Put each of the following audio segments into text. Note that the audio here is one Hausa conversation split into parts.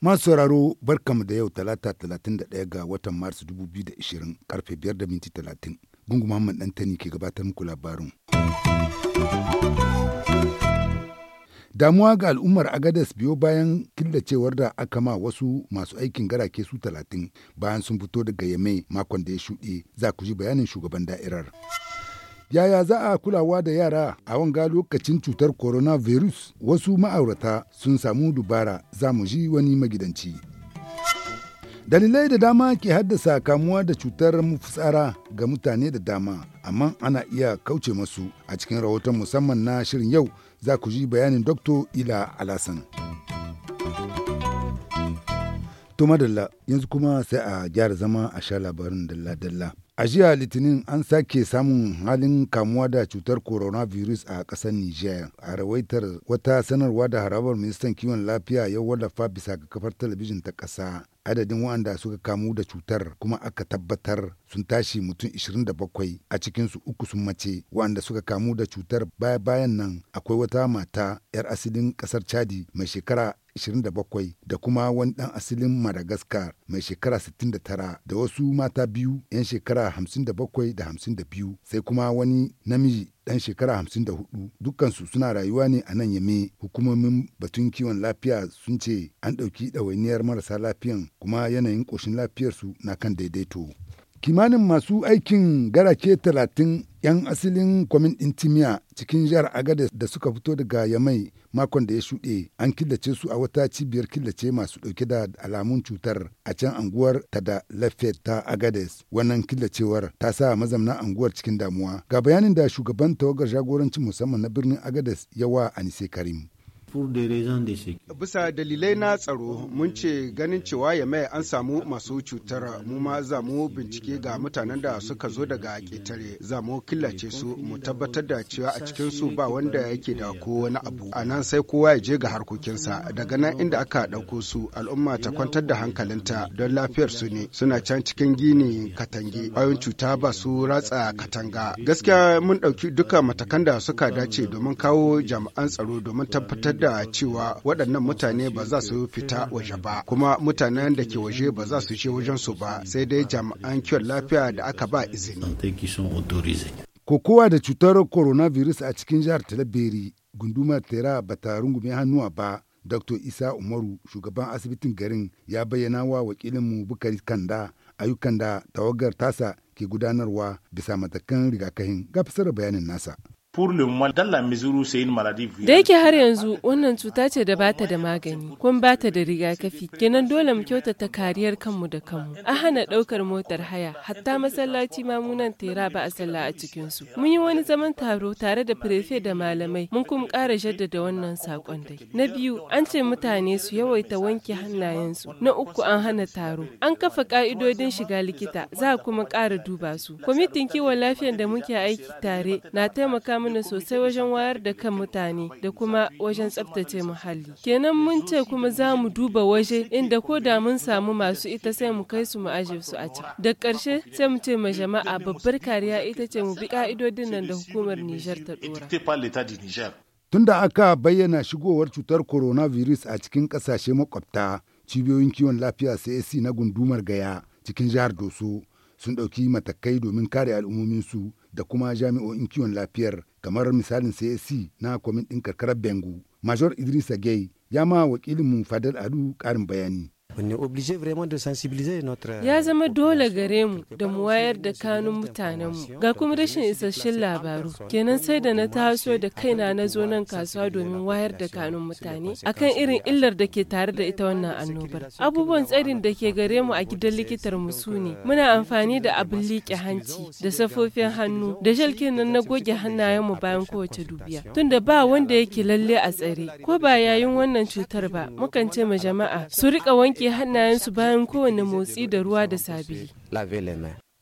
masu sauraro barkamu da yau talata talatin da ɗaya ga watan Maris dubu biyu da ishirin karfe biyar da minti talatin. Gungu Muhammad Ɗantani ke gabatar muku labarin. Damuwa ga al'ummar Agadas biyo bayan killacewar da aka ma wasu masu aikin garake su talatin bayan sun fito daga Yame makon da ya shuɗe za ku ji bayanin shugaban da'irar. yaya za a kulawa da yara a wanga lokacin cutar coronavirus wasu ma'aurata sun samu dubara za mu ji wani magidanci dalilai da dama ke haddasa kamuwa da cutar mafitsara ga mutane da dama amma ana iya kauce masu a cikin rahoton musamman na shirin yau za ku ji bayanin Dr. Ila Alasan. To madalla yanzu kuma sai a gyara zama a sha labarin dalla-dalla. A jiya Litinin an sake samun halin kamuwa da cutar coronavirus a ƙasar Nijeriya. A rawaitar wata sanarwa da harabar ministan kiwon lafiya ya wallafa bisa ga kafar talabijin ta ƙasa. adadin waɗanda suka kamu da cutar kuma aka tabbatar sun tashi mutum 27 a cikinsu uku sun mace waɗanda suka kamu da cutar baya bayan nan akwai wata mata 'yar asilin ƙasar chadi mai shekara 27 da kuma wani ɗan asalin Madagascar mai shekara 69 da wasu mata biyu 'yan shekara 57 da 52 sai kuma wani namiji ɗan shekara 54 dukansu suna rayuwa ne a nan yame hukumomin batun kiwon lafiya sun ce an ɗauki ɗawainiyar marasa lafiyan kuma yanayin ƙoshin lafiyarsu na kan daidaito. kimanin masu aikin garake 30 'yan asalin kwamin ɗin timiya cikin jihar agada da suka fito daga yamai makon da ya shuɗe an killace su a wata cibiyar killace masu ɗauke da alamun cutar a can anguwar ta da lafiyar ta agades wannan killacewar ta sa mazamna anguwar cikin damuwa ga bayanin da shugaban tawagar jagorancin musamman na birnin agades yawa anise karim Bisa dalilai na tsaro mun ce ganin cewa ya mai an samu masu cutar mu ma za mu bincike ga mutanen da suka zo daga ƙetare za mu killace su mu tabbatar da cewa a cikin su ba wanda yake da ko wani abu a nan sai kowa ya je ga harkokinsa daga nan inda aka ɗauko su al'umma ta kwantar da hankalinta don lafiyar su ne suna can cikin gini katange bayan cuta ba su ratsa katanga gaskiya mun ɗauki duka matakan da suka dace domin kawo jami'an tsaro domin tabbatar da cewa waɗannan mutane ba za su fita waje ba kuma mutanen da ke waje ba za su je wajen su ba sai dai jami'an kiwon lafiya da aka ba izini kokowa da cutar coronavirus a cikin jihar talabiri gundumar tera ba ta rungume hannuwa ba dr isa umaru shugaban asibitin garin ya bayyana wa wakilinmu bukari kanda ayyukan da tawagar tasa ke gudanarwa bisa matakan rigakafin ga fasarar bayanin nasa Da yake har yanzu wannan cuta ce da bata da magani, kun bata da rigakafi, kenan dole mu kyautata kariyar kanmu da kanmu. A hana ɗaukar motar haya, hatta masallaci mamunan tera ba a sallah a cikinsu. Mun yi wani zaman taro tare da firefe da malamai, mun kuma kara jaddada wannan sakon dai. Na biyu, an ce mutane su yawaita wanke hannayensu. Na uku an hana taro. An kafa ƙa'idodin shiga likita, za kuma ƙara duba su. Kwamitin kiwon lafiyar da muke aiki tare na taimaka mana sosai wajen wayar da kan mutane da kuma wajen tsabtace muhalli. Kenan mun ce kuma za mu duba waje inda ko da mun samu masu ita sai mu kai su mu aje su a can. Da ƙarshe sai mu ce ma jama'a babbar kariya ita ce mu bi ka'idodin nan da hukumar Nijar ta ɗora. Tun da aka bayyana shigowar cutar coronavirus a cikin kasashe makwabta, cibiyoyin kiwon lafiya CAC na gundumar Gaya cikin jihar Doso sun ɗauki matakai domin kare al'ummominsu da kuma jami'o'in kiwon lafiyar kamar misalin csc na kwamitin ɗin karkarar Bengu. Major Idrisa Gay ya ma wakilinmu Fadal Adu ƙarin bayani. Ya zama dole gare mu da mu wayar da kanun mutanen mu. ga kuma rashin isasshen labaru. Kenan sai da na taso da kaina na zo nan kasuwa domin wayar da kanun mutane akan irin illar da ke tare da ita wannan annobar. Abubuwan tsarin da ke gare mu a gidan likitar mu su ne. Euh, Muna amfani da abin liƙe hanci da safofin hannu da shalkin nan na goge hannayen mu bayan kowace dubiya. Tunda ba wanda yake lalle a tsare ko ba yayin wannan cutar ba mukan ce ma jama'a su riƙa wanke wanke hannayensu bayan kowane motsi da ruwa da sabili.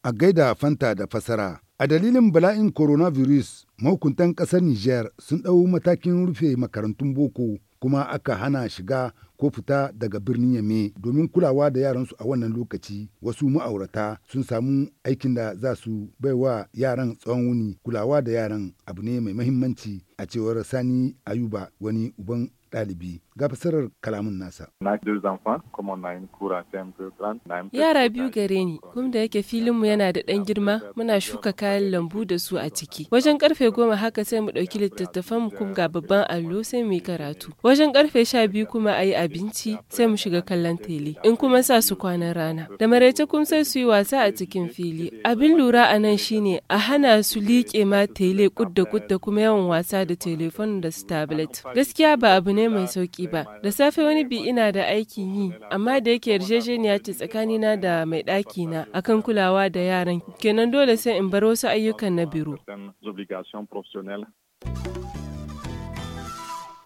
A gaida fanta da fasara, a dalilin bala'in coronavirus, mahukuntan ƙasar Nijar sun ɗau matakin rufe makarantun boko kuma aka hana shiga ko fita daga birnin Yame domin kulawa da yaransu a wannan lokaci wasu ma'aurata sun samu aikin da za su baiwa yaran tsawon wuni kulawa da yaran abu ne mai mahimmanci a cewar Sani Ayuba wani uban ɗalibi. ga fasarar kalamin nasa. Yara biyu gare ni, kuma da yake filinmu yana da ɗan girma muna shuka kayan lambu da su a ciki. Wajen karfe goma haka sai mu ɗauki littattafan mu kuma ga babban allo sai mu yi karatu. Wajen karfe sha biyu kuma a yi abinci sai mu shiga kallon tele. In kuma sa su kwanan rana. Da maraice kun sai su yi wasa a cikin fili. Abin lura a nan shine a hana su liƙe ma tele kudda kudda kuma yawan wasa da telefon da su tablet. Gaskiya ba abu ne mai sauki ba. Da safe wani bi ina da aikin yi, amma da yake yarjejeniya ce tsakanina da mai ɗaki na akan kulawa da yaran. Kenan dole sai in bar wasu ayyukan na biro.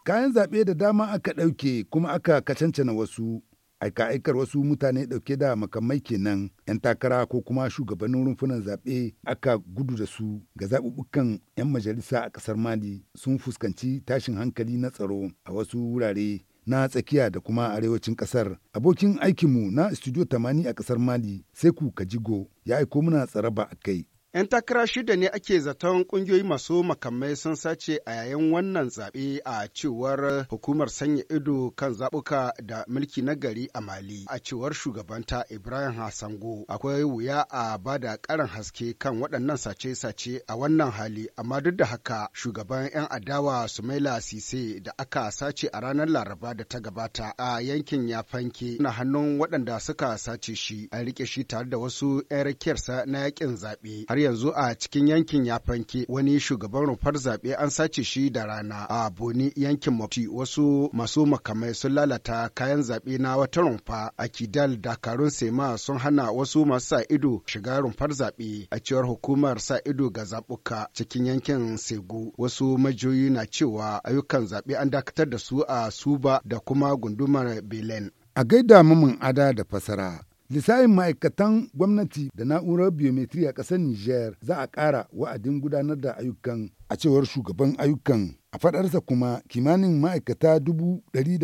Kayan zaɓe da dama aka ɗauke kuma aka kacancana wasu. aika-aikar wasu mutane ɗauke da makamai kenan 'yan takara ko kuma shugabannin rumfunan zaɓe aka gudu da su ga zaɓuɓɓukan 'yan majalisa a ƙasar mali sun fuskanci tashin hankali na tsaro a wasu wurare na tsakiya da kuma arewacin ƙasar abokin aikinmu na studio 80 a ƙasar mali sai ku kajigo ya aiko muna tsaraba a kai 'Yan takara shida ne ake zaton ƙungiyoyi masu makamai sun sace a yayin wannan zaɓe a cewar hukumar sanya ido kan zaɓuka da mulki na gari a Mali a cewar shugabanta Ibrahim Hassango. Akwai wuya a bada ƙarin haske kan waɗannan sace-sace a wannan hali amma duk da haka shugaban 'yan adawa Sumaila Sise da aka sace a ranar Laraba da ta gabata a yankin Yafanke na hannun waɗanda suka sace shi a riƙe shi tare da wasu 'yan rakiyarsa na yakin zaɓe har yanzu a cikin yankin Yafanke wani shugaban rumfar zaɓe an sace shi da rana a Boni yankin mafi wasu masu makamai sun lalata kayan zaɓe na wata rumfa a Kidal Dakarun Sema sun hana wasu masu sa ido shiga rumfar zaɓe a cewar hukumar sa ido ga zaɓuka cikin yankin Segu wasu majiyoyi na cewa ayyukan zaɓe an dakatar da su a Suba da kuma gundumar Belen. A gaida mumin ada da fasara Lissafin ma'aikatan gwamnati da na'urar biometri a ƙasar Niger za a ƙara wa'adin gudanar da ayyukan a cewar shugaban ayyukan. A faɗarsa kuma kimanin ma'aikata dubu ɗari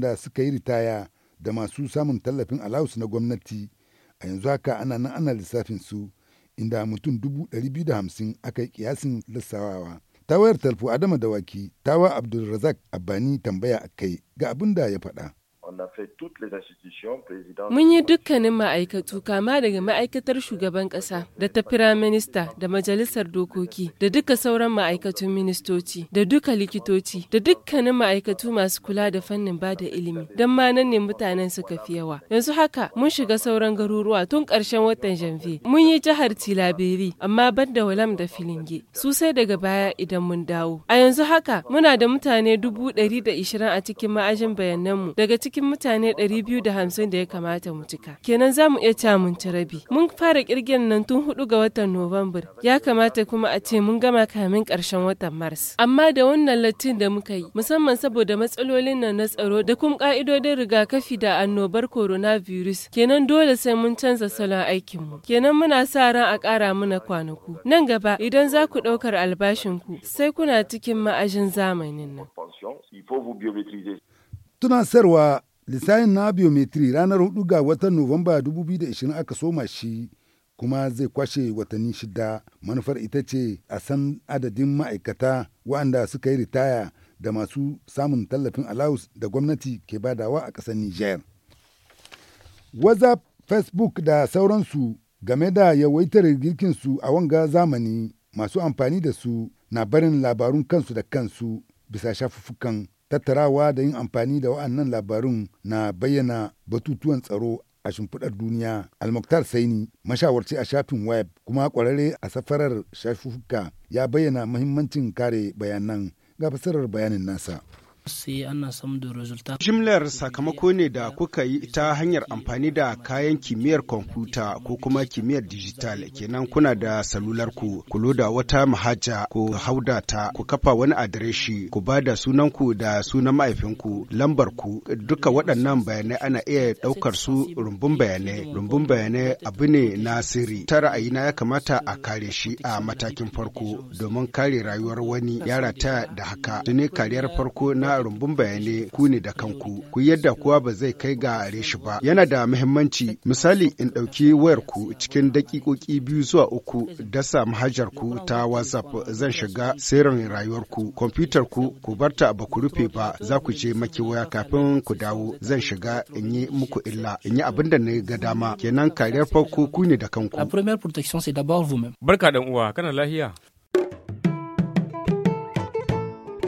da suka yi ritaya da masu samun tallafin alawus na gwamnati a yanzu haka ana nan ana lissafin su inda mutum dubu ɗari biyu da hamsin aka yi kiyasin lissawawa. Tawayar talfo Adama Dawaki, tawa Abdulrazak Abani tambaya a kai ga abin da ya faɗa. Mun yi dukkanin ma'aikatu kama daga ma'aikatar shugaban ƙasa da ta firaminista da majalisar dokoki da duka sauran ma'aikatun ministoci da duka likitoci da dukkanin ma'aikatu masu kula da fannin ba da ilimi don manan ne mutanen suka fi yawa. Yanzu haka mun shiga sauran garuruwa tun ƙarshen watan janvier. Mun yi jihar Tilaberi amma ban da Walam da Filinge su sai daga baya idan mun dawo. A yanzu haka muna da mutane dubu ɗari da ishirin a cikin ma'ajin bayananmu daga cikin mutane 250 da ya kamata mu cika. Kenan za mu iya cewa mun ci Mun fara kirgin nan tun hudu ga watan Nuwambar. Ya kamata kuma a ce mun gama kamin karshen watan Mars. Amma da wannan lattin da muka yi, musamman saboda matsalolin nan na tsaro da kuma ka'idodin rigakafi da annobar coronavirus, kenan dole sai mun canza salon aikin mu Kenan muna sa ran a kara mana kwanaku. Nan gaba idan za ku albashin ku. sai kuna cikin ma'ajin zamanin nan. Tunasarwa lissayin na biometri ranar 4 ga watan nuwamba 2020 aka soma shi kuma zai kwashe watanni shida manufar ita ce a san adadin ma'aikata waɗanda suka yi ritaya da masu samun tallafin alawus da gwamnati ke badawa a ƙasar niger whatsapp facebook da sauransu game da yawaitar girkinsu a wanga zamani masu amfani da su na barin labarun kansu da kansu bisa shafuffukan Tattarawa da yin amfani da wa'annan labarun na bayyana batutuwan tsaro a shimfiɗar duniya. Almuktar Saini, mashawarci a shafin web kuma ƙwararre a safarar shafuka ya bayyana muhimmancin kare bayanan ga fasarar bayanin nasa. sai ana samun Jimlar sakamako ne da kuka yi ta hanyar amfani da kayan kimiyyar kwamfuta ko kuma kimiyyar dijital kenan kuna da salular ku ku loda wata mahaja ku hauda ta ku kafa wani adireshi ku ba da sunan ku da sunan mahaifinku lambar ku duka waɗannan bayanai ana iya ɗaukar su rumbun bayanai rumbun bayanai abu ne na sirri ta ra'ayina ya kamata a kare shi a matakin farko domin kare rayuwar wani yara ta da haka ne kariyar farko na na rumbun bayanai ku ne da kanku ku yadda kowa ba zai kai ga are shi ba yana da muhimmanci misali in ɗauki wayar ku cikin dakikoki biyu zuwa uku dasa mahajar ku ta whatsapp zan shiga sirrin rayuwar ku kwamfutar ku ku barta ba ku rufe ba za ku je waya kafin ku dawo zan shiga in yi muku illa in yi abin da na ga dama kenan kariyar farko ku ne da kanku. Barka dan uwa kana lahiya.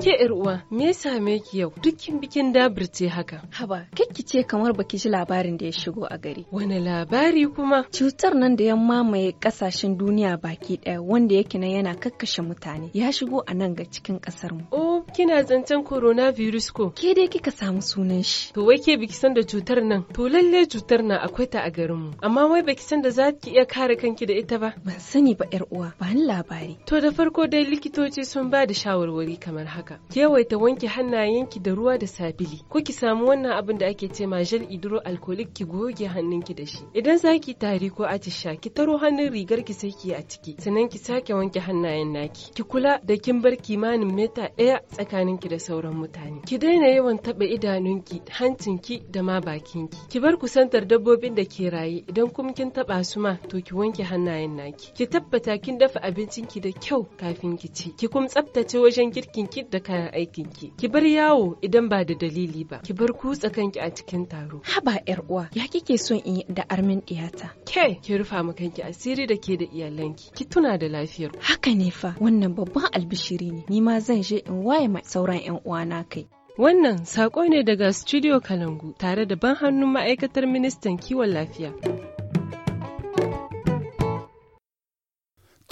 Ke yar uwa, me ya same ki yau? Dukkin bikin dabir ce haka. Haba, ki ce kamar baki ji labarin da ya shigo a gari. Wani labari kuma? Cutar nan da ya mamaye kasashen duniya baki ɗaya wanda yake nan yana kakkashe mutane. Ya shigo a nan ga cikin kasar mu. Oh, kina zancen coronavirus ko? Ke dai kika samu sunan shi. To wai ke biki san da cutar nan? To lalle cutar nan akwai ta a garin mu. Amma wai baki san da za ki iya kare kanki da ita ba? Ban sani ba yar uwa, ba ni labari. To da farko dai likitoci sun ba da shawarwari kamar haka. haka yawaita wanke hannayenki da ruwa da sabili ko ki samu wannan abin da ake ce ma gel hydroalcoholic ki goge hannunki da shi idan za ki tari ko atisha ki taro hannun rigar ki sai ki a ciki sannan ki sake wanke hannayen naki ki kula da kin bar kimanin mita ɗaya tsakanin ki da sauran mutane ki daina yawan taɓa idanunki hancinki da ma bakinki ki bar kusantar dabbobin da ke raye idan kuma kin taɓa su ma to ki wanke hannayen naki ki tabbata kin dafa abincinki da kyau kafin ki ci ki kuma tsaftace wajen girkinki da kayan aikin ki ki bar yawo idan ba da dalili ba ki bar kutsa kanki a cikin taro haba yar uwa ya kike son in yi da armin diyata ke ki rufa ma kanki asiri da ke da iyalanki ki tuna da lafiyar haka ne fa wannan babban albishiri ne ni ma zan je in waye mai sauran yan uwana kai Wannan saƙo ne daga Studio Kalangu tare da ban hannun ma'aikatar ministan kiwon lafiya.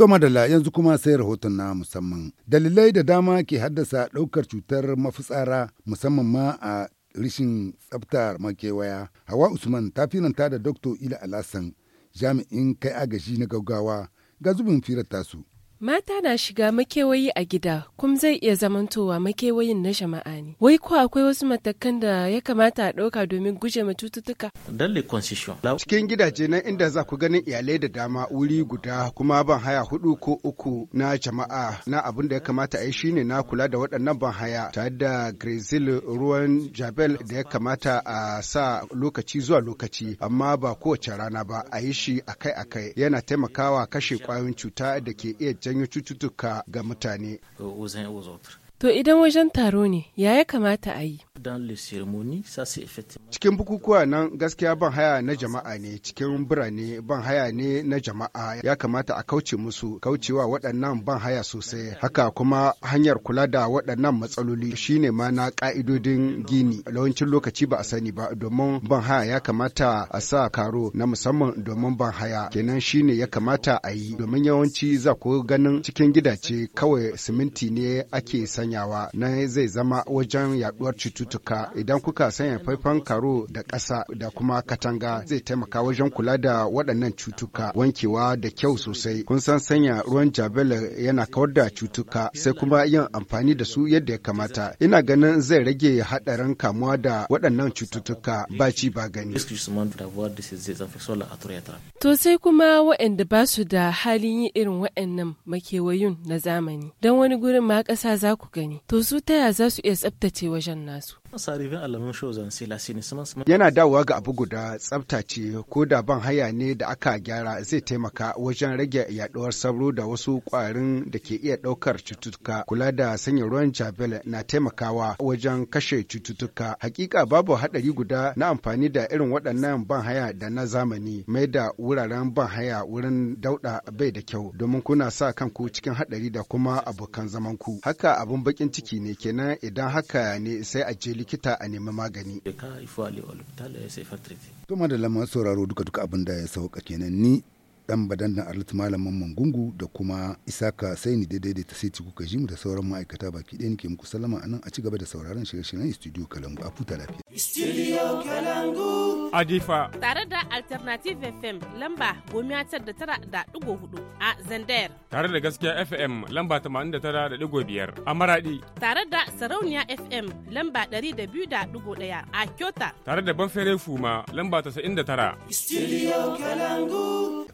To madalla yanzu kuma sai rahoton na musamman. Dalilai da dama ke haddasa ɗaukar cutar mafitsara musamman ma a rishin tsaftar makewaya. Hawa Usman ta firanta da Dr. Ila Alasan jami'in kai agaji na gaggawa ga zubin firar tasu. Mata na shiga makewayi a gida kuma zai iya zamantowa makewayin na jama'a ne. Wai ko akwai wasu matakan da ya kamata a ɗauka domin guje ma cututtuka? Dalle concession. Cikin gidaje na inda za ku ganin iyalai da dama wuri guda kuma ban haya hudu ko uku na jama'a na abin da ya kamata a yi shine na kula da waɗannan ban haya tare da Grezil ruwan Jabel da ya kamata a sa lokaci zuwa lokaci amma ba kowace rana ba a yi shi akai-akai yana taimakawa kashe kwayoyin cuta da ke iya janyo cututtuka ga mutane. To idan wajen taro ne, ya ya kamata a yi? Cikin bukukuwa nan gaskiya ban haya na jama'a ne, cikin birane ban haya ne na jama'a ya kamata a kauce musu, kaucewa waɗannan ban haya sosai. Haka kuma hanyar kula da waɗannan matsaloli shine ma na ƙa'idodin gini. Lawancin lokaci ba a sani ba domin ban haya ya kamata a sa karo na musamman domin ban haya. Kenan shine ya kamata a yi domin yawanci za ku ganin cikin gidace kawai siminti ne ake sanya sanyawa na zai zama wajen yaduwar cututtuka idan kuka sanya faifan karo da ƙasa da kuma katanga zai taimaka wajen kula da waɗannan cutuka wankewa da kyau sosai kun san sanya ruwan jabela yana kawar da cutuka sai kuma yin amfani da su yadda ya kamata ina ganin zai rage haɗarin kamuwa da waɗannan cututtuka ba ci ba gani to sai kuma waɗanda ba su da halin yi irin waɗannan makewayun na zamani don wani gurin ma ƙasa za ku gani to su taya za su iya tsabtace wajen nasu Yana dawowa ga abu guda tsafta ce ko da ban haya ne da aka gyara zai taimaka wajen rage yaduwar sauro da wasu kwarin da ke iya daukar cututtuka. Kula da sanya ruwan jabel na taimakawa wajen kashe cututtuka. Hakika babu haɗari guda na amfani da irin waɗannan ban haya da na zamani mai da wuraren ban haya wurin dauda bai da kyau domin kuna sa kanku cikin haɗari da kuma abokan zamanku. Haka abun bakin ciki ne kenan idan haka ne sai a jeli likita a nemi magani. Tuma da lamar sauraro duka duka abin da ya sauka kenan ni dan badan da arlit malamin mangungu da kuma isaka sai ni daidai da ta sai kuka ji mu da sauran ma'aikata baki ɗaya nake muku sallama a nan a ci gaba da sauraron shirye-shiryen studio kalangu a futa lafiya studio kalangu adifa tare da alternative fm lamba gomiya tar da tara da digo hudu a zander. tare da gaskiya fm lamba tamanin da tara da digo biyar a maradi tare da sarauniya fm lamba ɗari da biyu da digo ɗaya a kyota tare da banfere fuma lamba tasa'in da tara studio kalangu